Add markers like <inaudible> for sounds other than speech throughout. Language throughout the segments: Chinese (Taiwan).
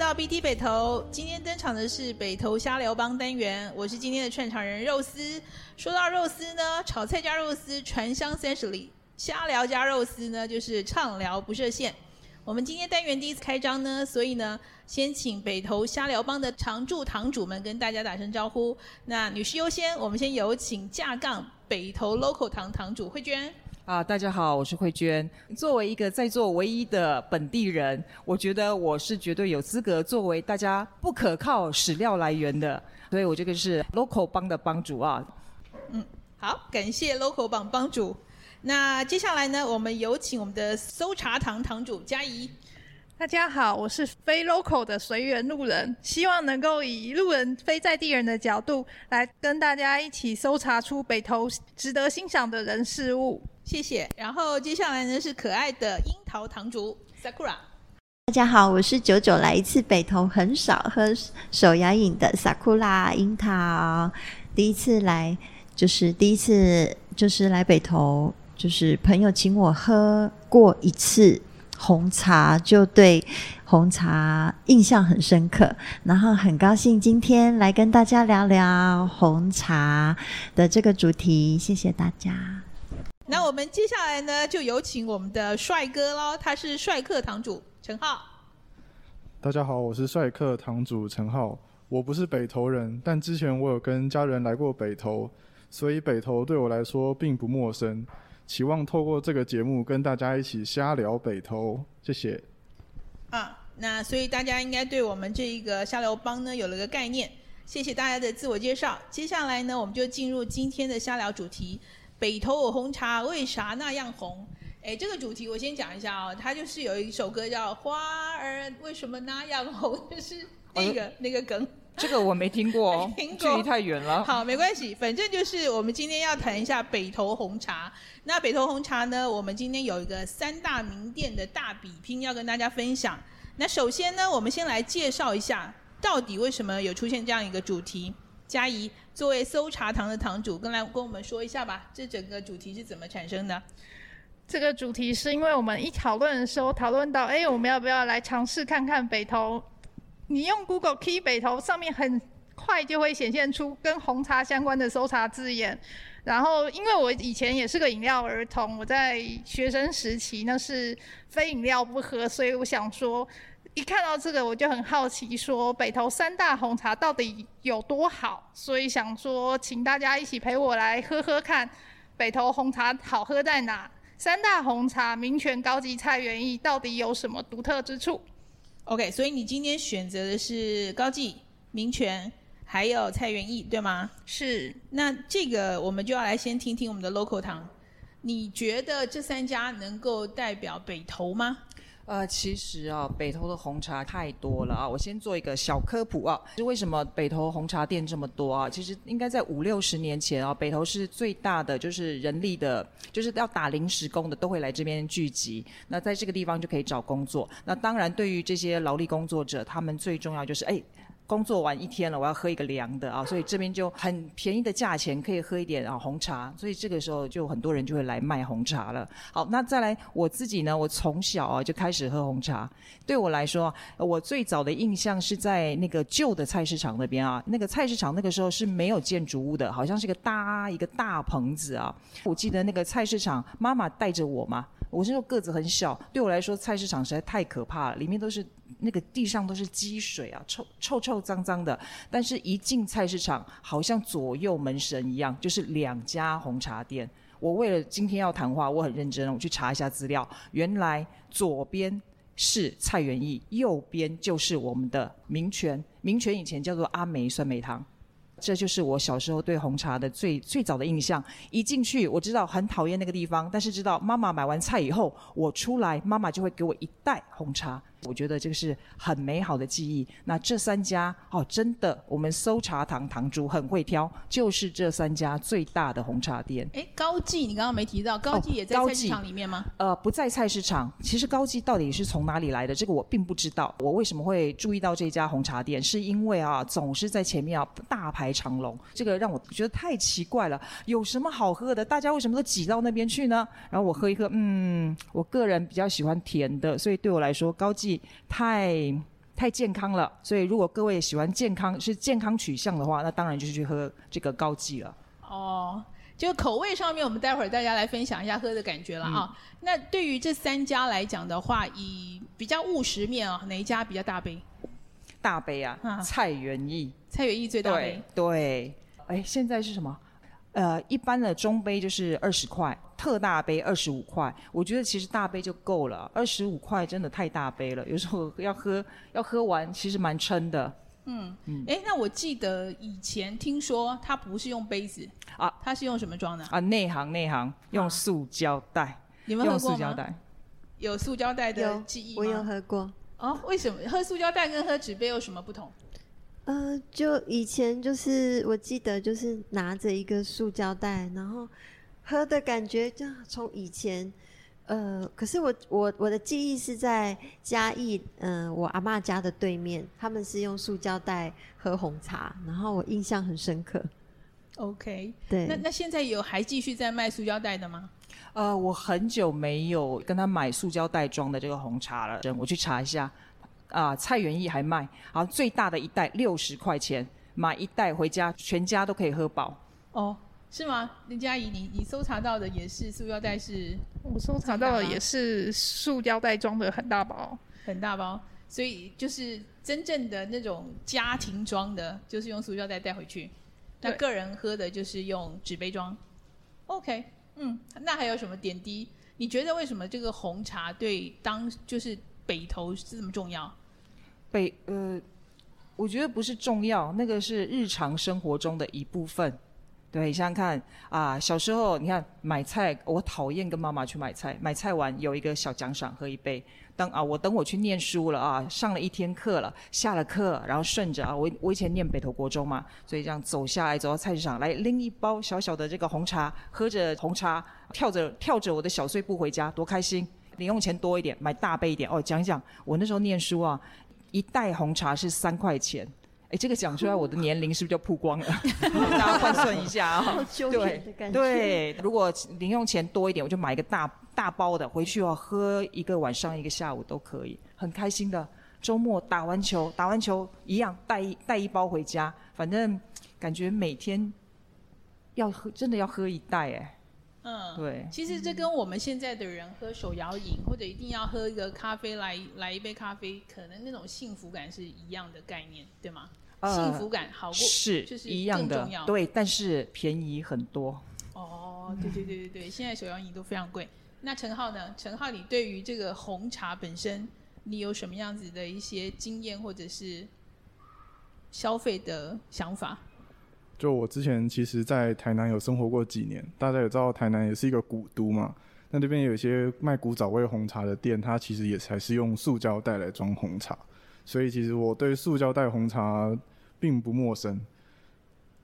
到 B T 北投，今天登場的是北投瞎聊幫單元，我是今天的串場人肉絲。說到肉絲呢，炒菜加肉絲，傳香三十里；瞎聊加肉絲呢，就是暢聊不設限。我們今天單元第一次開張呢，所以呢，先請北投瞎聊幫的常駐堂主們跟大家打聲招呼。那女士優先，我們先有請架槓北投 local 堂堂主慧娟。啊，大家好，我是慧娟。作為一個在座唯一的本地人，我覺得我是絕對有資格作為大家不可靠史料來源的，所以我這個是 local 幫的幫主啊。嗯，好，感謝 local 幫幫主。那接下來呢，我們有請我們的搜查堂堂主嘉怡。大家好，我是非 local 的隨緣路人，希望能夠以路人非在地人的角度，來跟大家一起搜查出北投值得欣賞的人事物。謝謝。然後接下來呢，是可愛的櫻桃堂主 Sakura。大家好，我是九九，來一次北投很少喝手搖飲的 Sakura 櫻桃，第一次來就是第一次就是來北投，就是朋友請我喝過一次紅茶，就對紅茶印象很深刻。然後很高興今天來跟大家聊聊紅茶的這個主題，謝謝大家。那我們接下來呢，就有請我們的帥哥嘍，他是帥客堂主陳浩。大家好，我是帥客堂主陳浩。我不是北投人，但之前我有跟家人來過北投，所以北投對我來說並不陌生。期望透過這個節目跟大家一起瞎聊北投，謝謝。啊，那所以大家應該對我們這個瞎聊幫呢有了個概念。謝謝大家的自我介紹。接下來呢，我們就進入今天的瞎聊主題。北投我紅茶為啥那樣紅？哎，這個主題我先講一下啊、哦。它就是有一首歌叫《花兒為什麼那樣紅》，就是那個、啊、那個梗。這個我沒聽過， <laughs> 沒聽過。距離太遠了。好，沒關係，反正就是我們今天要談一下北投紅茶。那北投紅茶呢，我們今天有一個三大名店的大比拼要跟大家分享。那首先呢，我們先來介紹一下，到底為什麼有出現這樣一個主題。嘉怡作為搜茶堂的堂主，跟來跟我們說一下吧，這整個主題是怎麼產生的？這個主題是因為我們一討論的時候，討論到哎、欸，我們要不要來嘗試看看北投？你用 Google Key 北投上面很快就會顯現出跟紅茶相關的搜查字眼。然後，因為我以前也是個飲料兒童，我在學生時期那是非飲料不喝，所以我想說。一看到這個，我就很好奇，說北投三大紅茶到底有多好，所以想說，請大家一起陪我來喝喝看，北投紅茶好喝在哪？三大紅茶，名泉、高記、蔡元益到底有什麼獨特之處？OK，所以你今天選擇的是高記、名泉，還有蔡元益，對嗎？是。那這個我們就要來先聽聽我們的 local 堂，你覺得這三家能夠代表北投嗎？呃，其實啊，北投的紅茶太多了啊。我先做一個小科普啊，就為什麼北投紅茶店這麼多啊？其實應該在五六十年前啊，北投是最大的，就是人力的，就是要打臨時工的都會來這邊聚集。那在這個地方就可以找工作。那當然，對於這些勞力工作者，他們最重要就是，誒。工作完一天了，我要喝一個涼的啊，所以這邊就很便宜的價錢可以喝一點啊紅茶，所以這個時候就很多人就會來賣紅茶了。好，那再來我自己呢，我從小啊就開始喝紅茶。對我來說，我最早的印象是在那個舊的菜市場那邊啊，那個菜市場那個時候是沒有建築物的，好像是個搭一個大棚子啊。我記得那個菜市場，媽媽帶着我嘛，我是說個子很小，對我來說菜市場實在太可怕了，裡面都是。那個地上都是積水啊，臭臭臭髒髒的。但是，一進菜市場，好像左右門神一樣，就是兩家紅茶店。我為了今天要談話，我很認真，我去查一下資料。原來左邊是蔡元益，右邊就是我們的明泉。明泉以前叫做阿梅酸梅湯，這就是我小時候對紅茶的最最早的印象。一進去，我知道很討厭那個地方，但是知道媽媽買完菜以後，我出來，媽媽就會給我一袋紅茶。我覺得這個是很美好的記憶。那這三家哦，真的，我們搜茶堂堂主很會挑，就是這三家最大的紅茶店。哎，高記你剛剛沒提到，高記也在菜市場裡面嗎？哦，呃，不在菜市場。其實高記到底是從哪裡來的，這個我並不知道。我為什麼會注意到這家紅茶店，是因為啊，總是在前面啊大排長龍，這個讓我覺得太奇怪了。有什麼好喝的？大家為什麼都擠到那邊去呢？然後我喝一喝，嗯，我個人比較喜歡甜的，所以對我來說高記。太太健康了，所以如果各位喜歡健康，是健康取向的話，那當然就是去喝這個高記了。哦，就口味上面，我們待會兒大家來分享一下喝的感覺了啊、嗯哦。那對於這三家來講的話，以比較務實面啊、哦，哪一家比較大杯？大杯啊，蔡元益，蔡元益最大杯。對，哎，現在是什麼？呃，一般的中杯就是二十塊，特大杯二十五塊。我覺得其實大杯就夠了，二十五塊真的太大杯了。有時候要喝要喝完，其實蠻撐的。嗯嗯。哎、嗯欸，那我記得以前聽說它不是用杯子，啊，它是用什麼裝的？啊，內行內行，用塑膠袋。你們喝過嗎？用塑膠袋？有塑膠袋的記憶我有喝過。哦、啊，為什麼喝塑膠袋跟喝紙杯有什麼不同？呃，就以前就是我記得就是拿着一個塑膠袋，然後喝的感覺，就從以前，呃，可是我我我的記憶是在嘉義，嗯、呃，我阿媽家的對面，他們是用塑膠袋喝紅茶，然後我印象很深刻。OK，對。那那現在有還繼續在賣塑膠袋的嗎？呃，我很久沒有跟他買塑膠袋裝的這個紅茶了，我去查一下。啊，蔡元益還賣，好、啊、最大的一袋六十塊錢，買一袋回家，全家都可以喝飽。哦，是嗎？林佳怡，你你搜查到的也是塑膠袋是、啊？我搜查到的也是塑膠袋裝的很大包，很大包。所以就是真正的那種家庭裝的，就是用塑膠袋帶回去，對那個人喝的就是用紙杯裝。OK，嗯，那還有什麼點滴？你覺得為什麼這個紅茶對當就是北投是這麼重要？被呃，我覺得不是重要，那個是日常生活中的一部分。對，想想看啊，小時候你看買菜，我討厭跟媽媽去買菜。買菜完有一個小獎賞，喝一杯。等啊，我等我去念書了啊，上了一天課了，下了課，然後順着啊，我我以前念北投國中嘛，所以這樣走下來，走到菜市場來拎一包小小的這個紅茶，喝着紅茶，跳着跳着我的小碎步回家，多開心！零用錢多一點，買大杯一點哦。講一講我那時候念書啊。一袋紅茶是三塊錢，哎，這個講出來我的年齡是不是就曝光了？哦、哇 <laughs> 大家換算一下啊、哦。 <laughs> 對對，如果零用錢多一點，我就買一個大大包的回去哦，喝一個晚上一個下午都可以，很開心的。週末打完球，打完球一樣帶帶一包回家，反正感覺每天要喝，真的要喝一袋哎。嗯，對，其實這跟我們現在的人喝手搖飲，嗯、或者一定要喝一個咖啡來來一杯咖啡，可能那種幸福感是一樣的概念，對嗎？呃、幸福感好過是，就是更重要的，一樣的，對，但是便宜很多。哦，對對對對對，現在手搖飲都非常貴。嗯、那陳浩呢？陳浩，你對於這個紅茶本身，你有什麼樣子的一些經驗，或者是消費的想法？就我之前其實，在台南有生活過幾年，大家也知道台南也是一個古都嘛。那這邊有一些賣古早味紅茶的店，它其實也還是用塑膠袋來裝紅茶，所以其實我對塑膠袋紅茶並不陌生。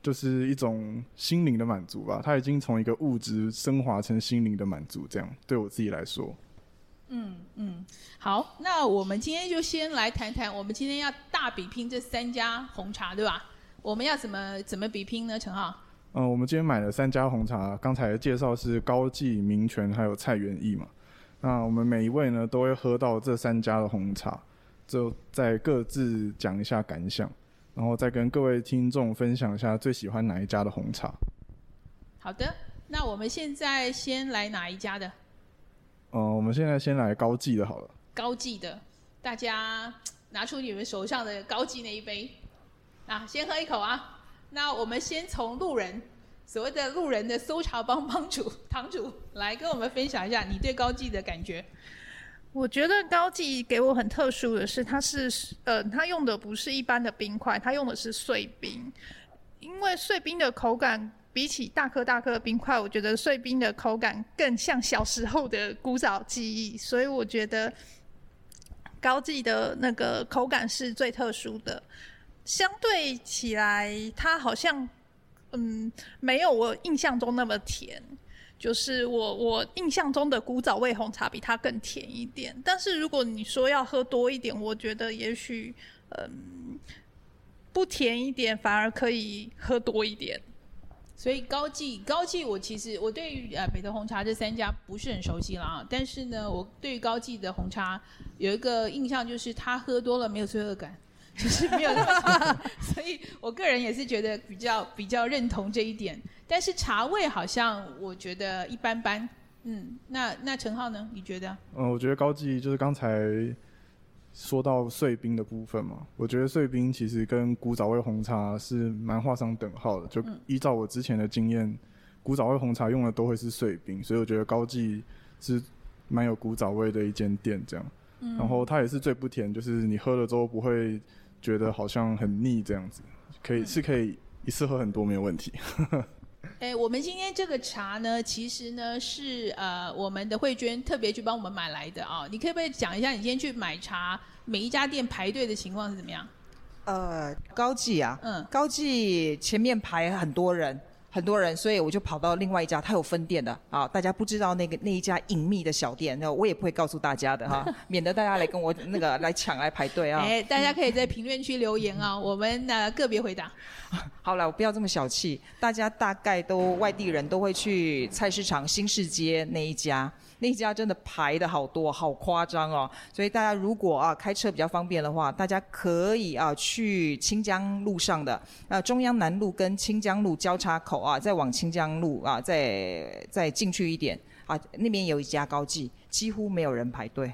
就是一種心靈的滿足吧，它已經從一個物質升華成心靈的滿足，這樣對我自己來說。嗯嗯，好，那我們今天就先來談談，我們今天要大比拼這三家紅茶，對吧？我們要怎麼怎麼比拼呢，陳浩？嗯、呃，我們今天買了三家紅茶，剛才介紹的是高記、明泉還有蔡元益嘛。那我們每一位呢，都會喝到這三家的紅茶，就再各自講一下感想，然後再跟各位聽眾分享一下最喜歡哪一家的紅茶。好的，那我們現在先來哪一家的？嗯、呃，我們現在先來高記的好了。高記的，大家拿出你們手上的高記那一杯。啊，先喝一口啊！那我們先從路人，所謂的路人的搜查幫幫主堂主，來跟我們分享一下你對高記的感覺。我覺得高記給我很特殊的是，它是，他是呃，它用的不是一般的冰塊，他用的是碎冰。因為碎冰的口感比起大顆大顆的冰塊，我覺得碎冰的口感更像小時候的古早記憶，所以我覺得高記的那個口感是最特殊的。相對起來，它好像嗯沒有我印象中那麼甜，就是我我印象中的古早味紅茶比它更甜一點。但是如果你說要喝多一點，我覺得也許嗯不甜一點反而可以喝多一點。所以高紀高紀，我其實我對呃北的紅茶這三家不是很熟悉了，但是呢，我對於高紀的紅茶有一個印象，就是他喝多了沒有罪惡感。其實沒有， <laughs> <laughs> <laughs> 所以我個人也是覺得比較比較認同這一點。但是茶味好像我覺得一般般。嗯，那那陳浩呢？你覺得？嗯，我覺得高記就是剛才說到碎冰的部分嘛。我覺得碎冰其實跟古早味紅茶是蠻劃上等號的。就依照我之前的經驗，嗯、古早味紅茶用的都會是碎冰，所以我覺得高記是蠻有古早味的一間店這樣。嗯、然後它也是最不甜，就是你喝了之後不會。覺得好像很膩這樣子，可以是可以一次喝很多沒有問題。哎、 <laughs> 欸，我們今天這個茶呢，其實呢是呃我們的慧娟特別去幫我們買來的啊、哦，你可不可以講一下你今天去買茶每一家店排隊的情況是怎麼樣？呃，高記啊，嗯，高記前面排很多人。很多人，所以我就跑到另外一家，他有分店的啊。大家不知道那個那一家隱秘的小店，那我也不會告訴大家的哈、啊，免得大家來跟我那個， <laughs> 那個來搶來排隊啊。哎、欸，大家可以在評論區留言啊，嗯、我們呢、啊、個別回答。好了，我不要這麼小氣。大家大概都外地人都會去菜市場新市街那一家，那一家真的排的好多，好誇張哦。所以大家如果啊開車比較方便的話，大家可以啊去清江路上的那、啊、中央南路跟清江路交叉口。啊，再往清江路啊，再再進去一點啊，那邊有一家高記，幾乎沒有人排隊。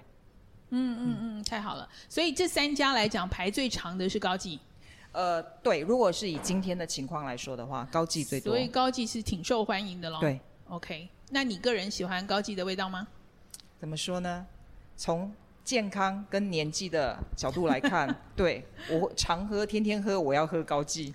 嗯嗯嗯，太好了。所以這三家來講，排最長的是高記。呃，對，如果是以今天的情況來說的話，高記最多。所以高記是挺受歡迎的嘍。對，OK。那你個人喜歡高記的味道嗎？怎麼說呢？從健康跟年紀的角度來看， <laughs> 對，我常喝，天天喝，我要喝高記。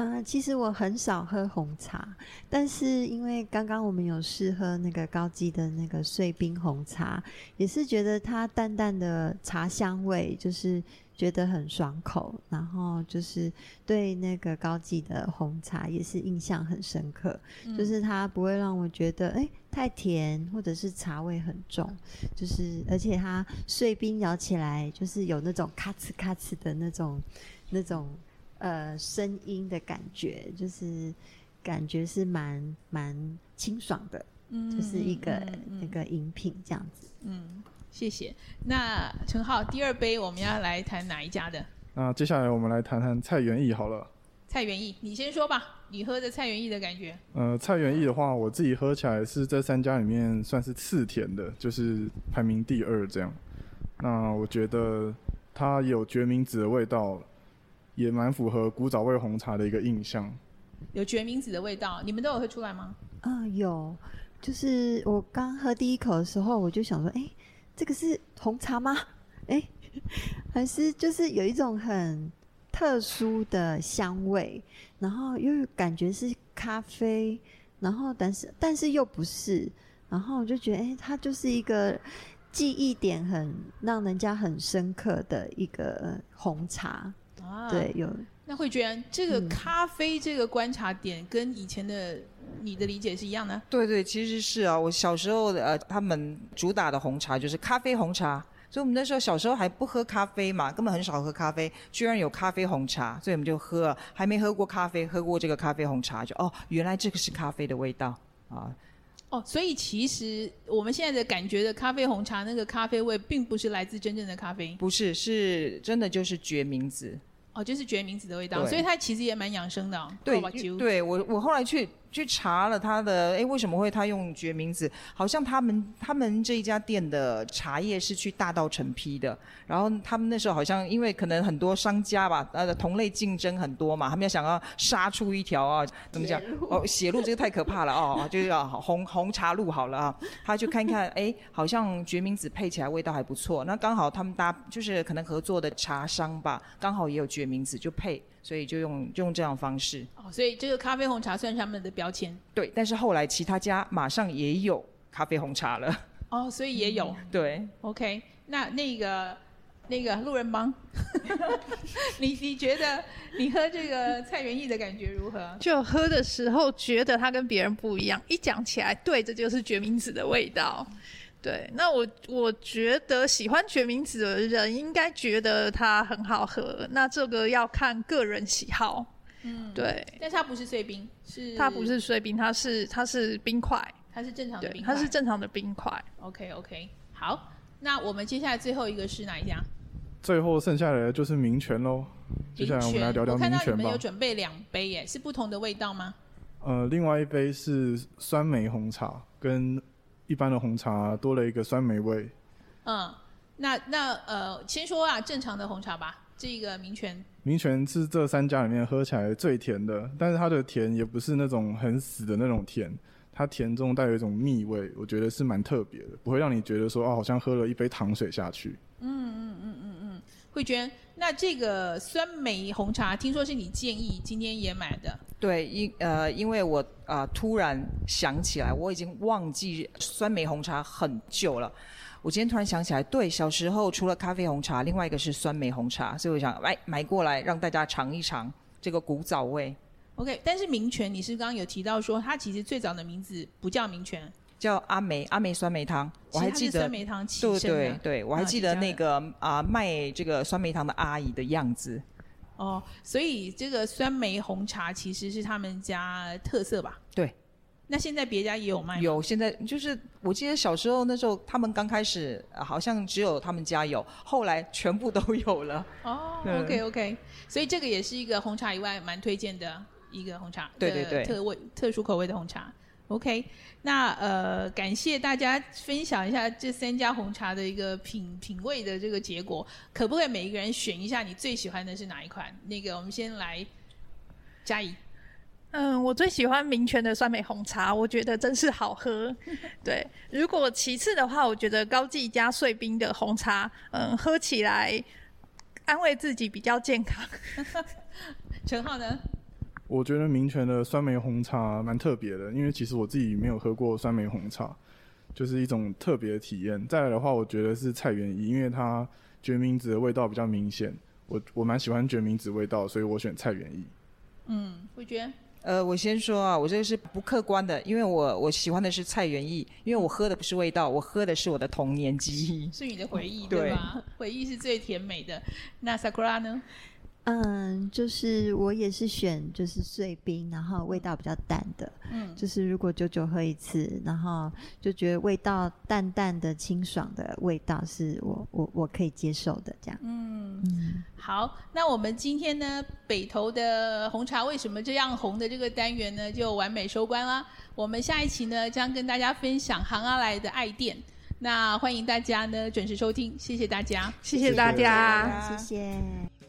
啊、嗯，其實我很少喝紅茶，但是因為剛剛我們有試喝那個高級的那個碎冰紅茶，也是覺得它淡淡的茶香味，就是覺得很爽口，然後就是對那個高級的紅茶也是印象很深刻，嗯、就是它不會讓我覺得哎、欸、太甜，或者是茶味很重，就是而且它碎冰咬起來就是有那種咔哧咔哧的那種那種。呃，聲音的感覺就是，感覺是蠻蠻清爽的，嗯，就是一個那、嗯、個飲品這樣子，嗯，謝謝。那陳浩，第二杯我們要來談哪一家的？那接下來我們來談談蔡元益好了。蔡元益，你先說吧，你喝的蔡元益的感覺？呃，蔡元益的話，嗯、我自己喝起來是這三家裡面算是次甜的，就是排名第二這樣。那我覺得它有決明子的味道。也蠻符合古早味紅茶的一個印象，有決明子的味道，你們都有喝出來嗎？啊、呃，有，就是我剛喝第一口的時候，我就想說，哎，這個是紅茶嗎？哎，還是就是有一種很特殊的香味，然後又感覺是咖啡，然後但是但是又不是，然後我就覺得，哎，它就是一個記憶點很讓人家很深刻的一個紅茶。啊，對，有。那慧娟，這個咖啡這個觀察點跟以前的、嗯、你的理解是一樣的？對對，其實是啊，我小時候的呃，他們主打的紅茶就是咖啡紅茶，所以我們那時候小時候還不喝咖啡嘛，根本很少喝咖啡，居然有咖啡紅茶，所以我們就喝，還沒喝過咖啡，喝過這個咖啡紅茶就哦，原來這個是咖啡的味道啊。哦，所以其實我們現在的感覺的咖啡紅茶那個咖啡味，並不是來自真正的咖啡，不是，是真的就是決明子。哦、就是決明子的味道，對所以它其實也蠻養生的。對，對我我後來去。去查了他的哎，為什麼會他用決明子？好像他們他們這一家店的茶葉是去大稻埕批的，然後他們那時候好像因為可能很多商家吧，呃，同類競爭很多嘛，他們要想要殺出一條啊，怎麼講？路哦，血路這個太可怕了 <laughs> 哦，就要、是啊、紅紅茶路好了啊。他就看一看哎， <laughs> 好像決明子配起來味道還不錯，那剛好他們搭就是可能合作的茶商吧，剛好也有決明子就配。所以就用就用這樣的方式。哦，所以這個咖啡紅茶算是他們的標籤。對，但是後來其他家馬上也有咖啡紅茶了。哦，所以也有、嗯、對。OK，那那個那個路人幫， <laughs> 你你覺得你喝這個蔡元益的感覺如何？就喝的時候覺得它跟別人不一樣，一講起來，對，這就是決明子的味道。嗯對，那我我覺得喜歡決明子的人應該覺得它很好喝，那這個要看個人喜好。嗯，對。但它不是碎冰，是它不是碎冰，它是它是冰塊，它是正常的冰塊，它是正常的冰塊。OK OK，好，那我們接下來最後一個是哪一家？最後剩下來的就是明泉嘍，明泉。接下來我們來聊聊明泉吧。我看到你們有準備兩杯耶，是不同的味道嗎？呃，另外一杯是酸梅紅茶跟。一般的紅茶多了一個酸梅味。嗯，那那呃，先說啊，正常的紅茶吧，這個明泉。明泉是這三家裡面喝起來最甜的，但是它的甜也不是那種很死的那種甜，它甜中帶有一種蜜味，我覺得是蠻特別的，不會讓你覺得說啊、哦，好像喝了一杯糖水下去。嗯嗯嗯嗯嗯。嗯嗯嗯慧娟，那這個酸梅紅茶聽說是你建議，今天也買的。對，因呃，因為我啊、呃、突然想起來，我已經忘記酸梅紅茶很久了。我今天突然想起來，對，小時候除了咖啡紅茶，另外一個是酸梅紅茶，所以我想來買過來讓大家嘗一嘗這個古早味。OK，但是名泉你是剛剛有提到說，它其實最早的名字不叫名泉。叫阿梅阿梅酸梅湯，梅湯我還記得，對對、對，我還記得那個啊、呃、賣這個酸梅湯的阿姨的樣子。哦，所以這個酸梅紅茶其實是他們家特色吧？對。那現在別家也有賣嗎？有，現在就是我記得小時候那時候他們剛開始好像只有他們家有，後來全部都有了。哦、嗯，OK OK，所以這個也是一個紅茶以外蠻推薦的一個紅茶，對對對，特味特殊口味的紅茶。OK，那呃，感謝大家分享一下這三家紅茶的一個品品味的這個結果，可不可以每一個人選一下你最喜歡的是哪一款？那個我們先來，加一。嗯，我最喜歡明泉的酸梅紅茶，我覺得真是好喝。 <laughs> 對，如果其次的話，我覺得高記加碎冰的紅茶，嗯，喝起來安慰自己比較健康。陳 <laughs> 浩呢？我覺得明泉的酸梅紅茶蠻特別的，因為其實我自己沒有喝過酸梅紅茶，就是一種特別的體驗。再來的話，我覺得是蔡元益，因為它決明子的味道比較明顯。我我蠻喜歡決明子味道，所以我選蔡元益。嗯，慧娟，呃，我先說啊，我這個是不客觀的，因為我我喜歡的是蔡元益，因為我喝的不是味道，我喝的是我的童年記憶，是你的回憶，嗯、對吧？對。回憶是最甜美的。那薩庫拉呢？嗯，就是我也是選就是碎冰，然後味道比較淡的。嗯，就是如果久久喝一次，然後就覺得味道淡淡的、清爽的味道，是我我我可以接受的這樣。嗯，嗯好，那我們今天呢，北投的紅茶為什麼這樣紅的這個單元呢，就完美收官了。我們下一期呢，將跟大家分享杭阿來的愛店。那歡迎大家呢，準時收聽，謝謝大家，謝謝，謝謝大家，謝謝。謝謝